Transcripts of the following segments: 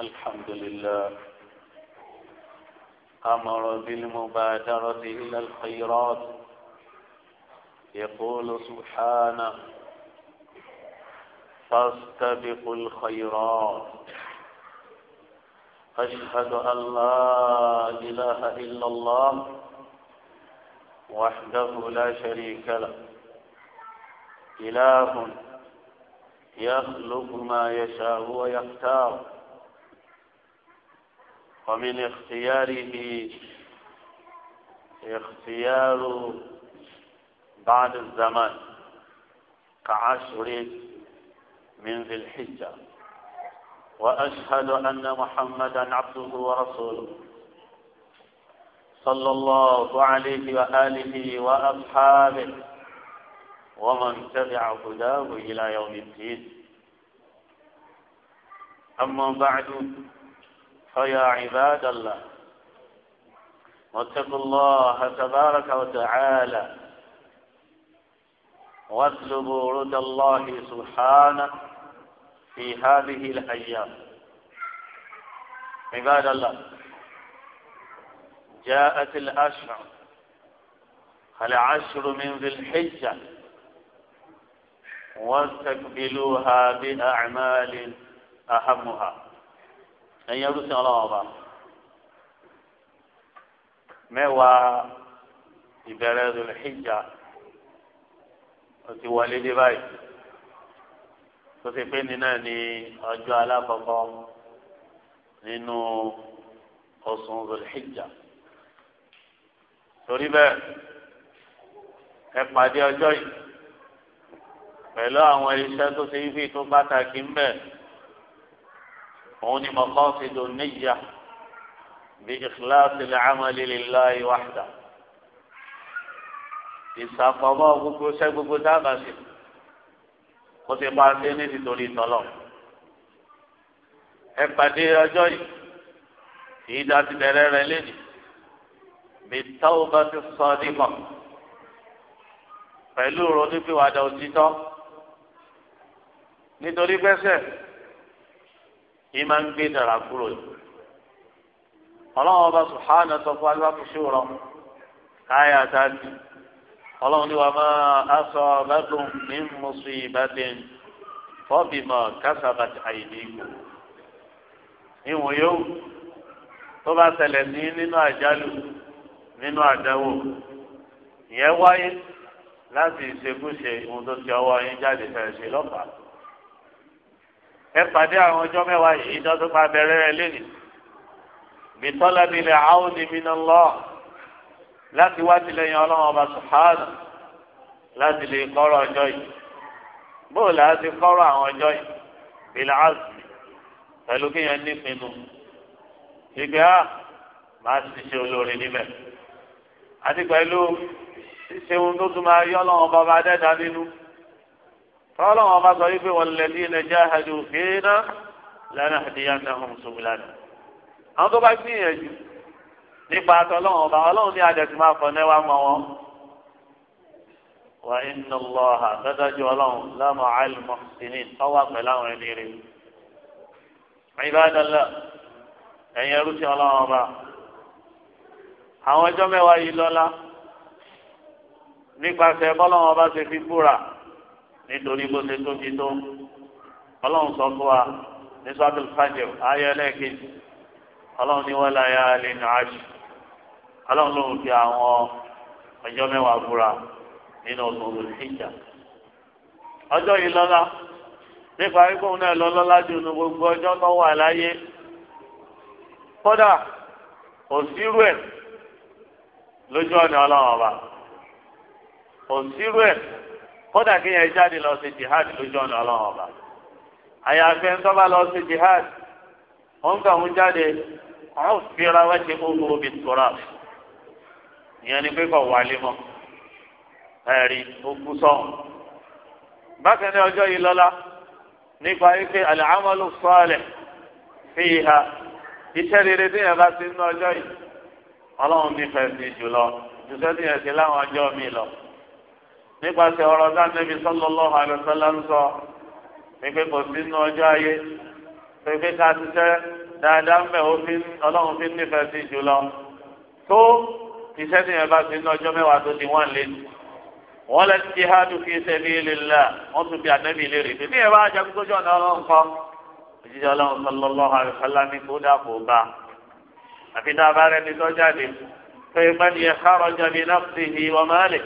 الحمد لله أمر بالمبادرة إلى الخيرات يقول سبحانه فاستبقوا الخيرات أشهد أن لا إله إلا الله وحده لا شريك له إله يخلق ما يشاء ويختار ومن اختياره اختيار بعد الزمان كعشر من ذي الحجة وأشهد أن محمدا عبده ورسوله صلى الله عليه وآله وأصحابه ومن تبع هداه إلى يوم الدين أما بعد فيا عباد الله واتقوا الله تبارك وتعالى واطلبوا رضا الله سبحانه في هذه الأيام عباد الله جاءت الأشهر العشر من ذي الحجة واستقبلوها بأعمال أهمها ẹ̀yin ẹrúsìn ọlọ́wọ́ ọba mẹ́wàá ìbẹ̀rẹ̀ Dhul-Hijja ó ti wọlé dé báyìí tó ti pé ní náà ní ọjọ́ alákọ̀ọ́kọ́ nínú oṣù Dhul-Hijja torí bẹ́ẹ̀ ẹ pàdé ọjọ́ yìí pẹ̀lú àwọn iṣẹ́ tó ti fi tó pàtàkì ń bẹ̀ẹ́ òun ni maqasidu niyyah bi ikhlasil amali lillahi wahda ìsàpamọ́ gbogbo sẹ́ gbogbo dábàá sí kó ti pa ṣe ní nítorí tọ́lọ̀ ẹ pàdé ọjọ́ yìí èyí dá ti bẹ̀rẹ̀ rẹ lẹ́nu bi tawbati sadiqah pẹ̀lú ronúpìwàdà òtítọ́ nítorí pẹ́sẹ̀ yìí máa ń gbé dara kúrò yìí ọlọ́run ọba sùhánà sọ fún aláàbò ṣòro káyà tàbí ọlọ́run ní wa máa aṣọ ọ̀bẹ́kùn ní mùsùn ìbàdàn fọ́bìmọ̀ kásábàtì àyèdèkù ìwọ̀n yóò tó bá ṣẹlẹ̀ ní nínú àjálù nínú àdánwò ìyẹn wáyé láti ìṣekúṣe ohun tó ti ọwọ́ yín jáde fẹ́ ṣe lọ́pàá ẹ pàdé àwọn ọjọ́ mẹ́wàá yìí ìjọ tó máa bẹ̀rẹ̀ rẹ lẹ́nu bìtọ́lá mi lè àwọn ìmìnà lọ láti wá tilẹ̀yìn ọlọ́run ọba sùhánù láti lè kọ́rọ̀ ọjọ́ yìí bóòlù láti kọ́rọ̀ àwọn ọjọ́ yìí bìlà àzùmí pẹ̀lú kéèyàn nípinnu ìgbé a ah, máa ti ṣe olórin níbẹ̀ àti pẹ̀lú ṣíṣe ohun tó tún máa yọ ọlọ́run bàbá dẹ́ta nínú tọ́lọ́ wọn bá sọ yìí pé walladhina jahadu fina lanahdiyannahum subulana. àwọn tó bá gbìyànjú nípa àtọ́lọ́wọ́n ọba ọlọ́run ní adẹ̀tí máa fọ náà wá mọ́ wọn. wa inna Allaha dájú ọlọ́run lámọ̀ àìlùmọ̀ sínú ọwọ́ pẹ̀lú àwọn ẹni rẹ̀. ìbádọ́lá ẹ̀yin ẹrú sí ọlọ́run ọba. àwọn ọjọ́ mẹ́wàá yìí lọ́lá nípasẹ̀ bọ́lọ́run ọba ṣe fi búra. nítorí bó ṣe tóbi tó ọlọ́run sọ fún wa ní ya fàjẹ́ ayé ọlọ́run ní wọ́n láyà lè nà áṣù ọlọ́run lòun fi àwọn ọjọ́ mẹ́wàá búra nínú ọdún olùsíjà ọjọ́ yìí nípa náà ju gbogbo ọjọ́ wà láyé kódà ẹ̀ lójú ọ̀nà ọlọ́run ọba kódà kí yẹn jáde lọ sí jihad lójú ọ̀nà ọlọ́run ọba àyàfẹ́ ń lọ sí jihad ó kà ń jáde ọ̀hún fira wá ṣe gbogbo omi tóra ìyẹn ni pé kò wálé mọ́ ẹ̀rí ogún sọ́hún. bákan náà ọjọ́ yìí lọ́la nípa wípé àlàámọ́lù sọ́ọ̀lẹ̀ fi ìhà iṣẹ́ rere tí yẹn bá ti ń ná ọjọ́ yìí ọlọ́run nífẹ̀ẹ́ sí jùlọ jùsọ́ tí yẹn mi lọ. nípasẹ̀ ọ̀rọ̀ sáńdẹ́bí sallallahu alaihi wasallam ń sọ pípé kò sí nínú ọjọ́ ayé pípé ká ṣiṣẹ́ dáadáa ń bẹ̀ ọlọ́run fi nífẹ̀ẹ́ sí jùlọ tó iṣẹ́ tí yẹn bá sí nínú ọjọ́ mẹ́wàá tó ti wọ́n lé wọ́n lẹ́ ti hádù fi sabilillah wọ́n tún bí ànábì léèrè pé níyẹn bá jẹ́ kókó jọ̀ọ́ ọlọ́run kọ́ òjijì ọlọ́run sallallahu alaihi wasallam ní kó dàpọ̀ bá àfi dáa bá ní tọ́jà dé pé ìpàdé yẹn kárọ̀ jàmí náà ti hì wọ́n máa lè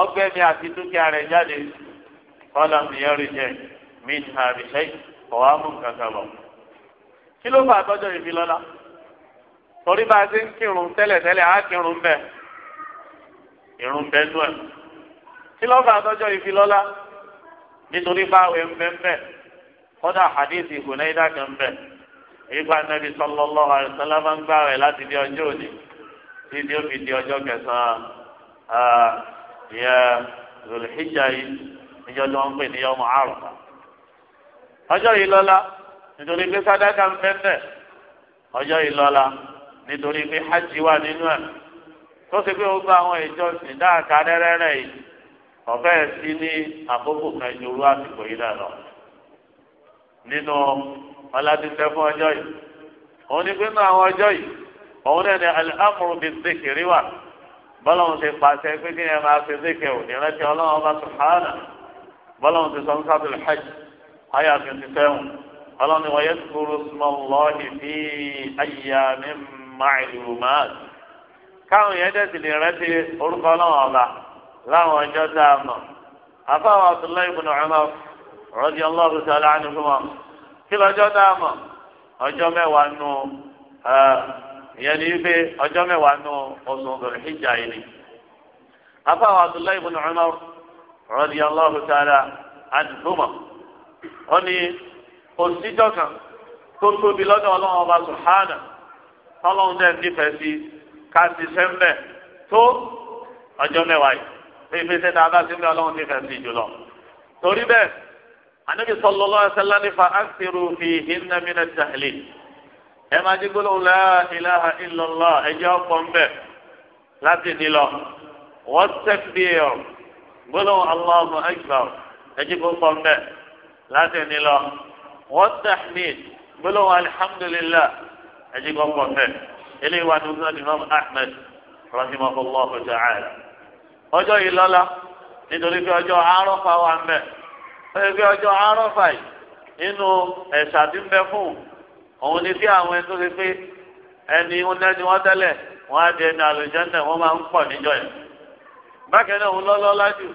ọgbẹ́ mi àti dúkìá rẹ̀ jáde kọ́lá mi yẹn rí jẹ mí ní àbíṣẹ́ ọ̀wá mú kankan lọ. kí ló fà tọ́jọ́ ìfi lọ́la torí bá a ti ń kírun tẹ́lẹ̀tẹ́lẹ̀ á kírun bẹ́ẹ̀ irun bẹ́ẹ̀ nú ẹ̀ kí ló fà tọ́jọ́ ìfi lọ́la nítorí báwo ń bẹ́ẹ̀ bẹ́ẹ̀ kọ́dà hadithi hùnẹ́dà kan bẹ́ẹ̀ ìgbà nàbì sallallahu alaihi wasallam ìyẹn zulhijja yìí níjọ́ tí wọ́n pè ọjọ́ yìí lọ́lá nítorí sadaka sàdákà ń ọjọ́ yìí lọ́lá nítorí pé hajj wà nínú ẹ̀ tó ṣe pé gba sí ní àkókò kan àsìkò yìí nínú fún yìí òun ni àwọn yìí bọ́lọ́hún ti pàṣẹ pé kí ẹ máa fi zikẹ ò ní rántí ọlọ́run ọba sùhánà bọ́lọ́hún ti sọ ń sábẹ̀ lẹ́hẹ́jì ayé àtúntì sẹ́wọ̀n ọlọ́run ni wọ́n yẹ kúrú súnmọ́ lọ́ọ̀hì bí ayíyá mi máa ìlú máa káwọn yẹn dẹ́sì lè rántí orúkọ ọlọ́run ọba láwọn ọjọ́ tá a mọ̀ àfáwọn abdullahi ibn umar rọ́dí ọlọ́run sọ̀rọ̀ ànúfọ́ wọn kí lọ́jọ́ tá a mọ̀ ọjọ́ mẹ́wàá nù ìyẹn ni wípé ọjọ́ mẹ́wàá nù oṣù ọ̀gbọ̀n ìjà yìí ni. afáwọn abdullahi ibn umar radiyallahu ta'ala anhuma ó ní òṣìṣọ́ kan tó tóbi lọ́dọ̀ ọlọ́run ọba subhana tọ́lọ́run dẹ̀ nífẹ̀ẹ́ sí ká ti sẹ́ńbẹ̀ tó ọjọ́ mẹ́wàá yìí pé ìfẹsẹ̀ náà sí mi ọlọ́run nífẹ̀ẹ́ sí jùlọ. torí bẹ́ẹ̀ anabi sallallahu alaihi wasallam fa asiru fi hinna mina tahlil ẹ máa dé gbólóhùn la ilaha illallah ẹjẹ ọkọ ń bẹ láti nílọ wọn tẹbíọ gbólóhùn Allahu akbar ẹjẹ ọkọ ń bẹ láti nílọ wọn tahmid gbólóhùn alhamdulillah ẹjẹ ọkọ ń bẹ eléyìí wà nínú Imam Ahmad rahimahullahu ta'ala ọjọ́ yìí lọ́lá nítorí pé ọjọ́ Àrọ́fà wà ń bẹ ọjọ́ Àrọ́fà yìí nínú ẹ̀sà tí ń bẹ fún un. òun ni sí àwọn ẹni tó ṣe pé ẹni wọn náà ni wọn tẹ́lẹ̀ wọn á di ẹni àlùjànnà wọn máa ń pọ̀ níjọ yẹn bákan náà òun lọ́lọ́ lájú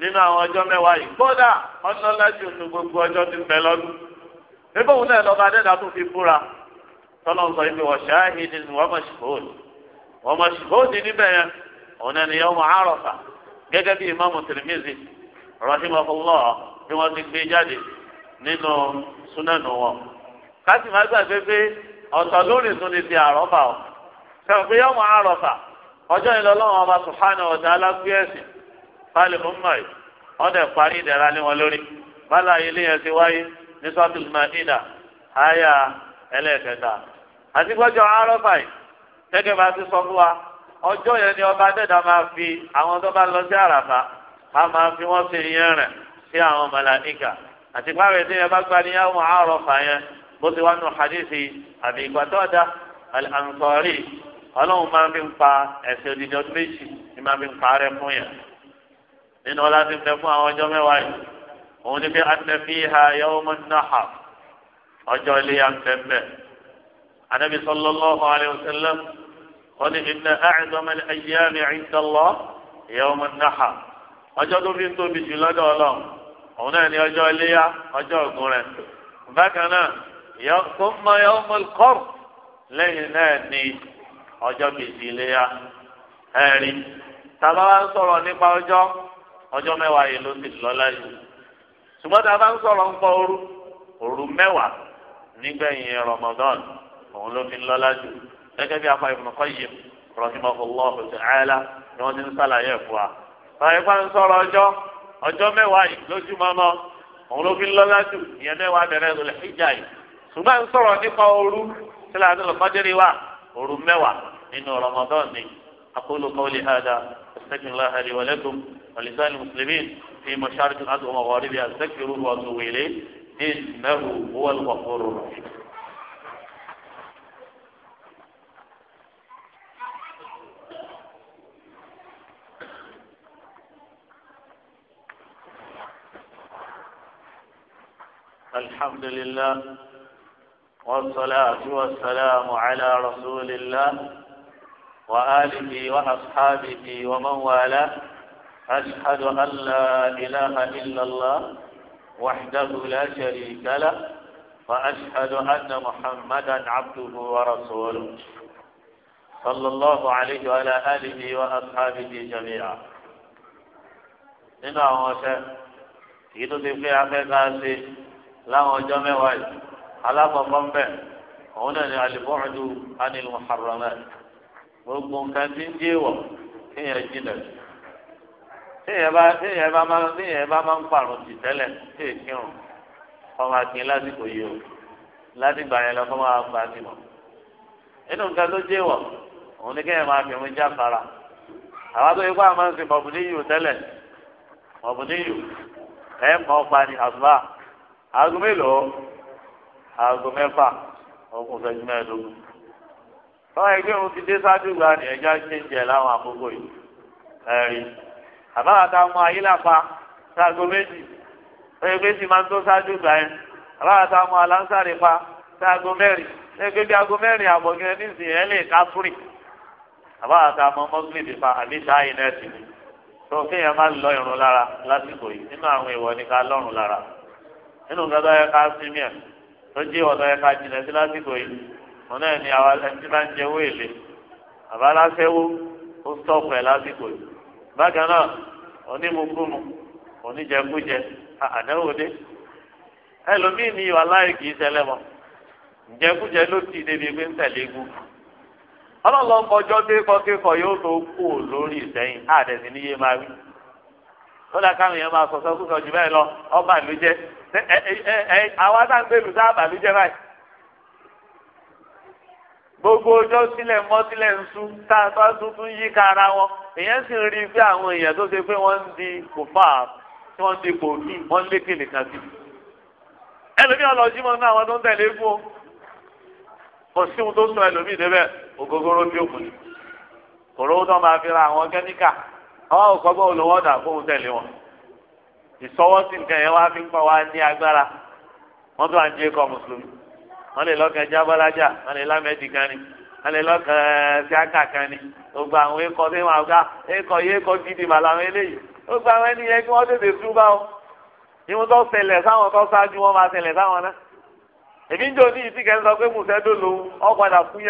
nínú àwọn ọjọ́ mẹ́wàá yìí kódà ọlọ́ lájú nu gbogbo ọjọ́ ti bẹ nígbà òun náà fi sọ ibi ni wọ́n mọ̀ ṣùgbọ́n wọ́n mọ̀ ṣùgbọ́n ní níbẹ̀ yẹn òun náà ni yọmọ àròfà gẹ́gẹ́ bí imáàmù tìrìmìzì bí wọ́n ti kásì má gbàgbé pé ọ̀tọ̀ lórí tún ni ti àrọ́fà o sẹ́wọ̀n pé yọ̀mọ̀ àrọ́fà ọjọ́ yìí lọ́lọ́wọ́n ọba subhanahu wa ta'ala alágbèsì fáìlì mọ́mọ́ yìí ọ̀dẹ̀ parí ìdẹ̀ra ní wọn lórí bálá ilé yẹn ti wáyé ní suratul Ma'idah àyà ẹlẹ́ẹ̀kẹta àti gbọ́jọ́ àrọ́fà yìí gẹ́gẹ́ bá ti sọ fún wa ọjọ́ yẹn ni ọba dẹ́dà máa fi àwọn tó bá lọ sí àràfà á máa fi wọ́n ṣe yẹn rẹ̀ sí àwọn màláíkà àti pàrọ̀ ìdíyẹn bá gba níyàwó àrọ́fà yẹn bó ti wá nù hadithi àbí ìgbàdọ́dà àǹkọ́rì ọlọ́run máa fi ń pa ẹ̀sẹ̀ òdìdí ọdún méjì ni máa fi ń pa rẹ fún yẹn nínú ọlá ti fẹ́ fún àwọn ọjọ́ mẹ́wàá yìí òun ni pé anafiha yawmun nahar ọjọ́ ilé ya ń fẹ́ bẹ́ẹ̀ anabi sallallahu alayhi wa sallam wọ́n ní inna a'zama al-ayyami 'inda Allah yawmun nahar ọjọ́ tó fi ń tóbi jù lọ́dọ̀ ọlọ́run òun náà ni ọjọ́ ilé ya ọjọ́ ògùn rẹ̀ bákan náà. ثم يوم القرض lẹ́yìn náà ni ọjọ́ kejì ẹ̀rí tàbá wa ń sọ̀rọ̀ nípa ọjọ́ ọjọ́ mẹ́wàá yìí ló ti lọ́lá yìí ṣùgbọ́n tàbá ń sọ̀rọ̀ nípa òru òru mẹ́wàá nígbẹ̀yìn Ramadan òun ló fi lọ́lá jù gẹ́gẹ́ bí afa ni wọ́n ti ń sàlàyé ẹ̀fọ́ ń sọ̀rọ̀ ọjọ́ ọjọ́ mẹ́wàá yìí ṣùgbọ́n ń sọ̀rọ̀ nípa òru tí láti lọ fọ́jọ́rì wa ooru mẹ́wàá nínú Ramadan ni akólo aqulu qawli hada astaghfirullah li wa lakum wa lisanil muslimin fi mashariki al-ardi bí àṣẹ́kì astaghfiruhu wa atubu ilayh innahu huwal ghafurur rahim. الحمد لله والصلاة والسلام على رسول الله وآله وأصحابه ومن والاه أشهد أن لا إله إلا الله وحده لا شريك له وأشهد أن محمدا عبده ورسوله صلى الله عليه وعلى آله وأصحابه جميعا إنه هو شيء يدو تبقى عقيقة láwọn ọjọ́ mẹ́wàá yìí alákọ̀ọ́kọ́ ń bẹ̀ òun náà ni alìbọ́ọ̀dù anil muharramẹ gbogbo nǹkan tí ń dé wọ̀ kéèyàn jìnà téèyàn bá téèyàn bá máa téèyàn bá máa ń pààrùn tì tẹ́lẹ̀ téèyàn kírun ọmọ akin lásìkò yìí o lásìgbà yẹn lọ fọ́ máa gba ti mọ̀ nínú nǹkan tó dé wọ̀ òun ni kéèyàn máa fìrún já fara àwọn tó yẹ kó àwọn máa ń sin mọ̀bùníyù tẹ́lẹ̀ mọ̀bùníyù ẹ̀ mọ̀ pa ni àtúbà àgùn mélòó aago mẹ́fà ọkùnrin fẹ́jú mẹ́ẹ̀ẹ́dógún. tọ́wọ́ ẹgbẹ́ òun ti dé sáájú ìgbà ni ẹja ṣe ń jẹ láwọn àkókò yìí ẹ̀rí. àbáwọ̀tá ọmọ ayé làpá sáago méjì ẹgbẹ́ méjì máa ń tó sáájú ìgbà yẹn àbáwọ̀tá ọmọ aláǹsàrè pa sáago mẹ́rin ẹgbẹ́ bí aago mẹ́rin àbọ̀gẹ́rẹ́ nísìnyí ẹ̀ lè ká fúrì àbáwọ̀tá ọmọ mọ́gìlì pa àbí sáà tó kéèyàn máa lọ irun lára lásìkò yìí nínú àwọn ìwọ ni ká lọ́rùn lára nínú nǹkan tó jẹ́ ọ̀nà ẹ̀ka jìnnà sí lásìkò yìí wọn náà ní àwa ń jẹ owó èlé àbá aláṣẹwó ó ẹ̀ lásìkò yìí bákan náà àdáwò dé ẹlòmíì ní ìwà láì kì í ṣẹlẹ̀ mọ́ ló ti débi pé ń tẹ̀lé dé yóò tó kú lórí ìsẹ́yìn kódà káwọn èèyàn máa sọ̀sọ́ kúsọ̀ jù bẹ́ẹ̀ lọ ọba ìlú jẹ́ àwa tá ń gbèlú sáà bàlú jẹ́ báyìí. gbogbo ọjọ́ sílẹ̀ mọ́ ń sú tá a tọ́ tuntun yí ká ara wọn èèyàn sì ń rí i pé àwọn èèyàn tó ṣe pé wọ́n ń di kò fà á tí wọ́n di kò kí wọ́n ń lékè nìkan sí. ẹlòmíràn lọ jí mọ́ ní àwọn tó ń tẹ̀lé fún o kò sí ohun tó sún ẹlòmíì débẹ̀ ògógóró bí òkùnrin kòró tó máa fi ra àwọn kẹ́míkà àwọn òkọ́ bọ́ olówó ọ̀dà fóun tẹ̀lé wọn ìsọwọ́sí nǹkan yẹn wá fi ń pa wá ní agbára wọ́n tó à ń jẹ́ kọ́ mùsùlùmí wọ́n lè lọ́kàn wọ́n lè lámẹ́dì kan ni wọ́n lè lọ́kàn kan ni gbogbo àwọn tí wọ́n gidi eléyìí gbogbo àwọn ẹni yẹn kí wọ́n tètè wọn ìwọ́n tó ṣẹlẹ̀ sáwọn tó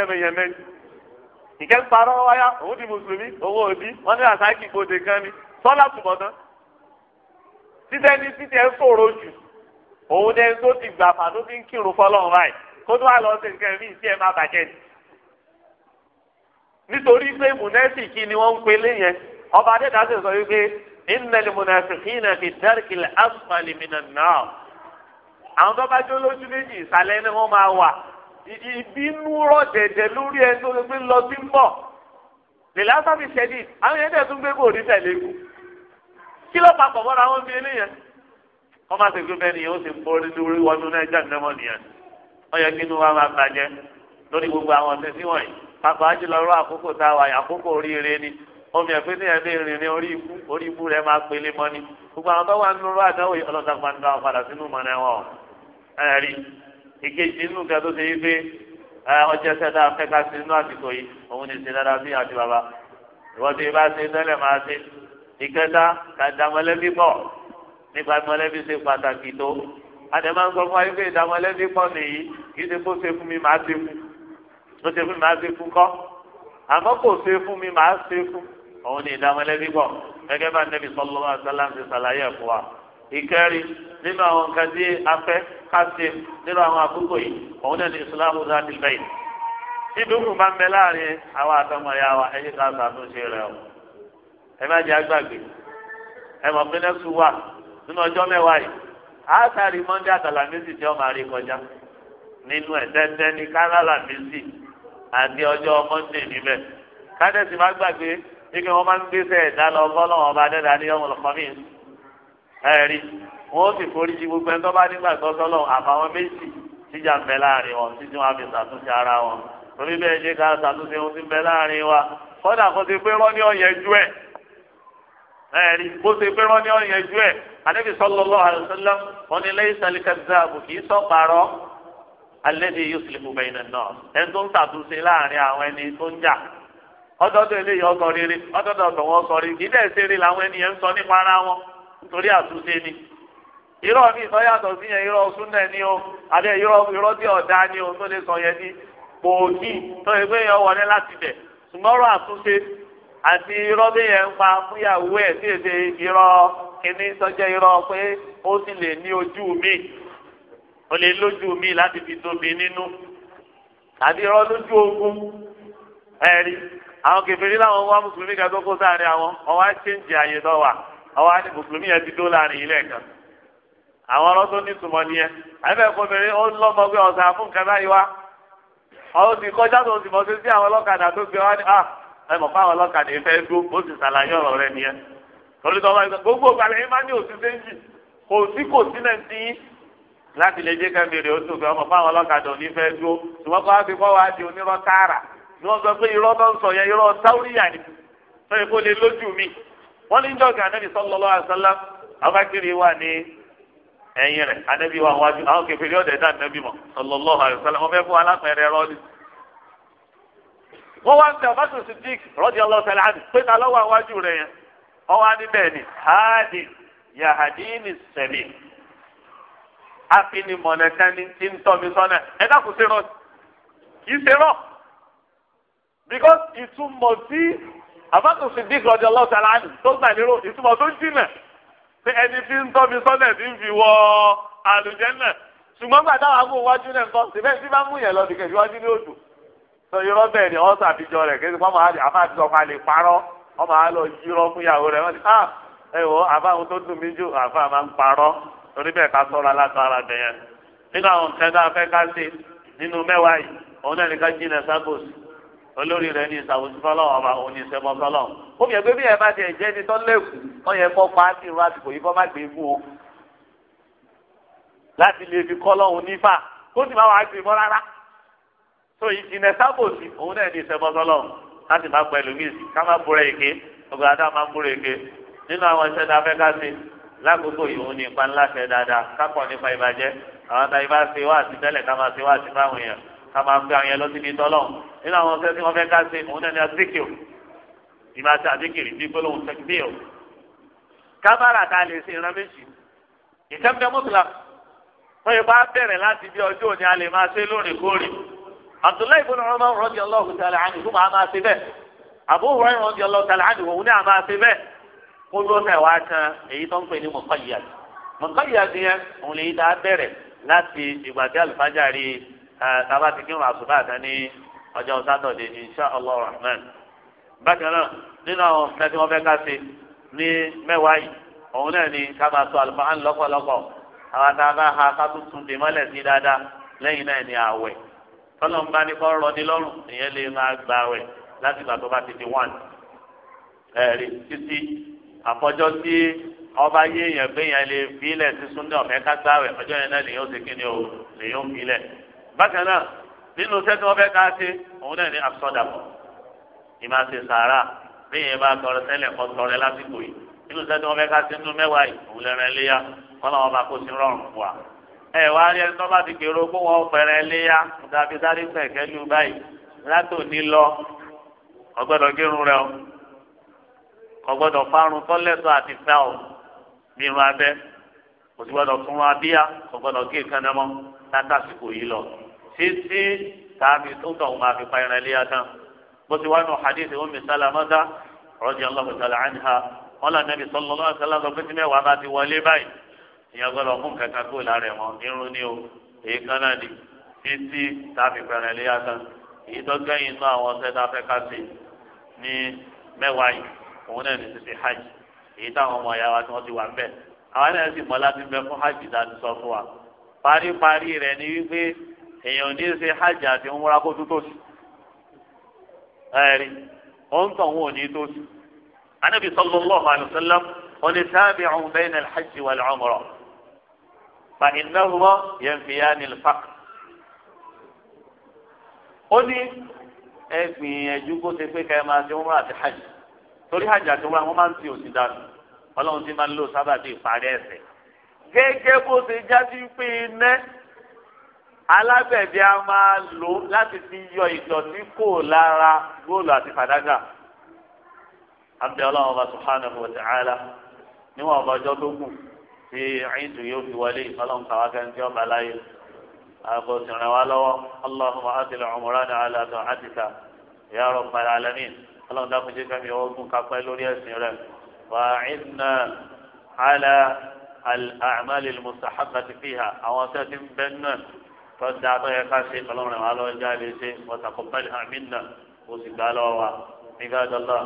wọn ìkẹ́ ń parọ́ wáyà òun di mùsùlùmí owó òbí wọ́n ní àsáàkì gbòde kan ni sọ́lá tùbọ̀ tán títẹ́ ní títẹ́ sòro jù òun ní ẹni tó ti gbà fà tó ti ń kírun fọlọ́run báyìí kó tó wà lọ sí nǹkan mí tí ẹ má bàjẹ́ ni. nítorí pé mùnẹ́sìkì ni wọ́n ń pelé yẹn ọba adéta sọ wípé innal munafiqina fi darkil asfali minan nar àwọn tó bá jó lójú méjì ìsàlẹ̀ ni wọ́n máa wà ìbínú rọ̀dẹ̀dẹ̀ lórí ẹni tó gbé lọ sí mọ̀ lèlá sábì ṣẹ́dí àwọn yẹn dẹ̀ tún gbé bòrí tẹ̀lé kú kí ló papọ̀ mọ́ra wọn bí eléyẹn wọ́n máa ṣègbè bẹ́ẹ̀ nìyẹn ó sì ń borí lórí wọnú náà jáde náà mọ́ nìyẹn wọ́n yẹ kí inú wa máa bàjẹ́ lórí gbogbo àwọn ọ̀sẹ̀ sí wọ̀nyí pàpà jùlọ rọ àkókò tá a wà yà àkókò oríire ni omi ẹ̀fẹ́ ní ẹ̀mí ìrìnrìn orí ikú orí ikú rẹ̀ máa pélé mọ́ ni gbogbo àwọn tó wà nínú rọ àdáwò ọlọ́sàgbàndà padà sínú ìkejì inú kan tó ṣe yí pé ọjọ́ sẹ́dá afẹ́ká sí inú àsìkò yìí òun ní ìṣẹ̀dára bí àti bàbá ìwọ́n ti bá ṣe tẹ́lẹ̀ máa ṣe ìkẹta kàdámọ́lẹ́bí pọ̀ nípa mọ́lẹ́bí ṣe pàtàkì tó àdèmá ń sọ fún ayé pé ìdámọ́lẹ́bí pọ̀ nìyí kì ṣe kó ṣe fún mi màá ṣe fún ó ṣe fún mi màá ṣe fún kọ́ àmọ́ kò ṣe fún mi màá ṣe fún òun ní ìdámọ́lẹ́bí pọ̀ gẹ́gẹ́ bá nẹ́bí sọ́lọ́wọ́ ìkẹrin nínú àwọn nǹkan tí a fẹ́ ká ṣe nínú àwọn àkókò yìí òun náà ní ìsìláàmù láti bẹyìn ìdúnkù bá ń bẹ láàrin àwọn àtọmọ ya wa ẹyẹ ká ṣàtúnṣe rẹ o ẹ má jẹ àgbàgbé ẹ mọ̀ pé nẹsùn wà nínú ọjọ́ mẹ́wàá yìí àtàrí mọ́ndé àtàlàmísì tí ọmọ àrí kọjá nínú ẹ̀ tẹ́tẹ́ ní káràlàmísì àti ọjọ́ mọ́ndé níbẹ̀ kádẹ́sì má gbàgbé ike wọn máa ń gbé sẹ́ẹ̀dá lọ ẹ̀rí wọn ó sì foríjì gbogbo ẹni tó bá nígbàgbọ́ sọ́lọ́ àbáwọn méjì tíjà ń bẹ láàrin wọn títí wọn á fi ṣàtúnṣe ara wọn torí bẹ́ẹ̀ ṣe ká ṣàtúnṣe ohun tí ń bẹ láàrin wa kọ́dà kó ṣe pé rọ́ní ọ̀yẹ́jú ẹ̀ ẹ̀rí kó ṣe pé rọ́ní ọ̀yẹ́jú ẹ̀ ànábì sallallahu alaihi wasallam wọn ni lẹ́yìn sàlìkàdà kì í sọ pààrọ̀ alẹ́dẹ̀ yóò sì lùmọ̀ iná náà ẹni tó ń ṣàtúnṣe láàrin àwọn ẹni tó ń jà ọdọọdọ eléyìí ọsọ rere ọdọọdọ ọsọ wọn sọ rere kì í làwọn ẹni ń sọ nípa ara wọn. nítorí àtúnṣe ni irọ́ mi ìtọ́ yàtọ̀ sí yẹn irọ́ súnà ni o àbí irọ́ irọ́ tí ni o tó lè sọ yẹn ní tó yẹ pé yẹn wọlé láti bẹ̀ ṣùgbọ́n àtúnṣe àti irọ́ bí yẹn ń pa fúyàwó ẹ̀ sí èdè irọ́ kìíní sọ́jẹ́ irọ́ pé ó sì lè ní ojú mi ó lè lójú mi láti fi tóbi nínú àbí irọ́ lójú ogun ẹ̀rí àwọn làwọn wá mùsùlùmí kó sáré àwọn àyè ọwọ́ á mùsùlùmí yẹn ti dó láàrin kan àwọn ọ̀rọ̀ tó nítumọ̀ nìyẹn ó lọ́mọ pé ọ̀sẹ̀ àfúnkẹ́ báyìí wá ọ̀hún ti kọjá tó mọ̀ sí sí àwọn ọlọ́kadà tó wá ní à ah, ẹ mọ̀ ọlọ́kadà ìfẹ́ dó ó sì ẹgbẹ́ gbogbo ìgbàlẹ̀ yín máa ní òsì séńjì kò sí kò sí náà ti yín láti lè jẹ́ kẹ́mìrì ó tún ọmọ ọlọ́kadà òní fẹ́ dó ṣùgbọ́n wá fi kọ́ wá di onírọ́ wọ́n ní jọ́ọ̀gì anabi sallallahu alaihi wasallam abakiri wà ní ẹ̀yìn rẹ̀ anabi wà wájú àwọn kẹfìrí ọ̀dẹ̀ dá anabi mọ̀ sallallahu alaihi wasallam wọ́n fẹ́ fún alápẹ̀rẹ̀ rọ́ọ̀lì. wọ́n wá ń tẹ ọbàtò sidik radiyallahu ta'ala anhu pé ta lọ́wọ́ àwájú rẹ̀ yẹn ọwọ́ aníbẹ̀ ni hadi yahadini sẹ̀mí afinimọ̀lẹ́kẹ́ni tí ń tọ́ mi sọ́nà ẹ̀dá kò ṣe rọ́ọ̀tì kì í ṣe rọ́ọ̀ because ìtumọ̀ sí àbátan Siddiq radiyallahu ta'ala anhu tó gbà nírò ìtumọ̀ tó jìnà pé ẹni tí ń tọ́bi sọ́lẹ̀ ti ń fi wọ àlùjẹ́nà ṣùgbọ́n gbà táwọn agbó wájú náà nǹkan síbẹ̀ tí bá mú yẹn lọ dìkẹ́ iwájú ní òdù sọ irọ́ bẹ́ẹ̀ ni ọ̀sán àbíjọ rẹ̀ kí ẹni pọ́nmọ́ àfa àti sọ́kọ́ àlè parọ́ ọmọ àlọ́ yírọ́ fún rẹ̀ wọ́n ti ah àfa àwọn tó dùn mí olórí rẹ ní ìsàwùsí fọlọ́wọ́ ọba òun ní ìsẹ́mọ́ fọlọ́wọ́ ó yẹ pé bí ẹ bá tiẹ̀ jẹ́ ẹni tó léwu ó yẹ kó pa á sí irú àsìkò yìí kó má gbé fún o láti lè fi kọ́ lọ́hùn nífà kó sì má wàá gbé mọ́ rárá tó ìjìnlẹ̀ sábòsì òun náà ní ìsẹ́mọ́ fọlọ́wọ́ láti má pẹ̀lú mí sí ká má búrẹ́ èké ọgbà dá má búrẹ́ èké nínú àwọn iṣẹ́ tá a fẹ́ ká sí lákòókò yìí òun ní ipa dáadáa ká nípa ìbàjẹ́ àwọn ká máa gbé àwọn yẹn lọ síbi tọ́lọ̀ nínú àwọn ọ̀sẹ̀ tí wọ́n fẹ́ ká ṣe òun náà ní azikir ìmọ̀ àti azikir bí gbólóhùn tẹkbíọ̀ kábàrà tá a lè ṣe ìran méjì ìtẹ́mbẹ́ mọ́tòlá wọ́n yẹ bá bẹ̀rẹ̀ láti bí ọjọ́ òní a lè máa ṣe lóòrèkóòrè Abdullahi ibn Umar radiyallahu ta'ala anhu máa máa ṣe máa ṣe bẹ́ẹ̀ kó ló fẹ́ wá kan èyí ní tába ti kírun àṣùbà àtàn ní ọjọ́ sátọ̀dé insha allah rahman bákan náà nínú àwọn ọ̀fẹ́ tí wọ́n fẹ́ ká ṣe ní mẹ́wàá yìí òun náà ni kábà sọ àlùfáàn lọ́pọ̀lọpọ̀ àwọn tábà ha kátúntún dè mọ́lẹ̀ sí dáadáa lẹ́yìn náà ni àwẹ̀ tọ́lọ́n bá ní kọ́ rọ ní lọ́rùn ìyẹn lè máa gba àwẹ̀ láti gbà tó bá ti di one ẹ̀rí títí àfọjọ́ tí ọba yé èèyàn pé èèyàn lè fi ilẹ̀ sí súndẹ̀ ọ̀fẹ́ ká gbàwẹ̀ ọjọ́ yẹn náà lèyàn ó ṣe kí o lèyàn ó fi ilẹ̀ bákan náà nínú iṣẹ́ tí wọ́n fẹ́ ká ṣe òun náà ní àsọdàpọ̀ ìmọ̀ àti sàárà bí yẹn bá tọrẹ tẹ́lẹ̀ kọ́ tọrẹ lásìkò yìí nínú iṣẹ́ tí wọ́n fẹ́ ká ṣe nínú mẹ́wàá yìí òun lẹ́rẹ̀ léyà kọ́ làwọn bá kó sí rọrùn fún wa. ẹ wá rí ẹni tó bá ti gbèrò kó wọn pẹ̀rẹ̀ léyà dàbí sáré pẹ̀kẹ́ lu báyìí látò lọ ọgbọ́dọ̀ gírun rẹ ọgbọ́dọ̀ fárun tọ́lẹ́sọ àti fẹ́ o mìíràn abẹ́ òsì gbọ́dọ̀ fún wa bíyà ọgbọ́dọ̀ gé ìkànnẹ́mọ́ látàsìkò yìí lọ títí tàbí tó tọ̀ wọn àfi pààyàn ilé yàtọ̀ bó ti wá nù hadith Ummi Salamata radiyallahu ta'ala anha wọn là Nabi sallallahu alaihi wasallam pé tí mẹ́wàá bá ti wọlé báyìí ìyẹn gbọ́dọ̀ fún kankan kó lára wọn irun ni o èyí kan náà di títí tàbí pààyàn ilé yàtọ̀ èyí tó gbẹ̀yìn inú àwọn ọ̀sẹ̀ tá a fẹ́ ká sí ní mẹ́wàá yìí òun náà ní títí èèyàn ní ṣe hajj àti umra kó tún tó sí ẹ̀rí òun tàn wọn ò ní tó sí. anabi sallallahu alayhi wa sallam oní tabi'u bayna al-hajj wal-umra fa innahuma yanfiyani al-faqr. ó ní ẹ gbìyànjú kó ṣe pé kẹ́ máa ṣe umra àti hajj torí hajj àti umra wọn máa ń ti òsì dànù ọlọ́run ti máa ń lò sábàbí ìparí ẹ̀ṣẹ̀ gẹ́gẹ́ bó ṣe já pé iná alágbẹ̀dẹ a máa lò láti fi yọ ìdọ̀tí kò lára góòlù àti fàdákà abdi ọlọ́run ọba subhanahu wa ta'ala níwọ̀n ọba ọjọ́ tó kù tí ẹ̀yìndù yóò fi wọlé ọlọ́run kàwá kan tí ọba láyé àgọ́ sìnrìn wa lọ́wọ́ allahumma atil umrana ala ta'atika ya rabbal alamin ọlọ́run dákun jẹ́ kẹ́mi ọgbọ́n kápẹ́ lórí ẹ̀sìn rẹ̀ wà ẹ̀yìnà ala al-a'mal al-mustahabbati fiha àwọn sẹ́ẹ̀tì bẹ́ẹ̀ náà. tọ́jà tó yẹ ká ṣe وتقبلها منا وسبى عباد الله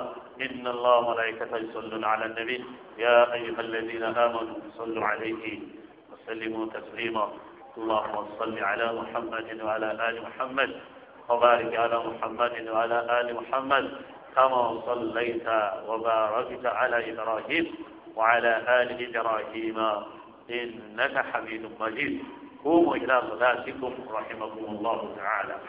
إن الله ملائكته يصلون على النبي يا أيها الذين آمنوا صلوا عليه وسلموا تسليما اللهم صل على محمد وعلى آل محمد وبارك على محمد وعلى آل محمد كما صليت وباركت على إبراهيم وعلى آل إبراهيم إنك حميد مجيد قوموا إلى صلاتكم رحمكم الله تعالى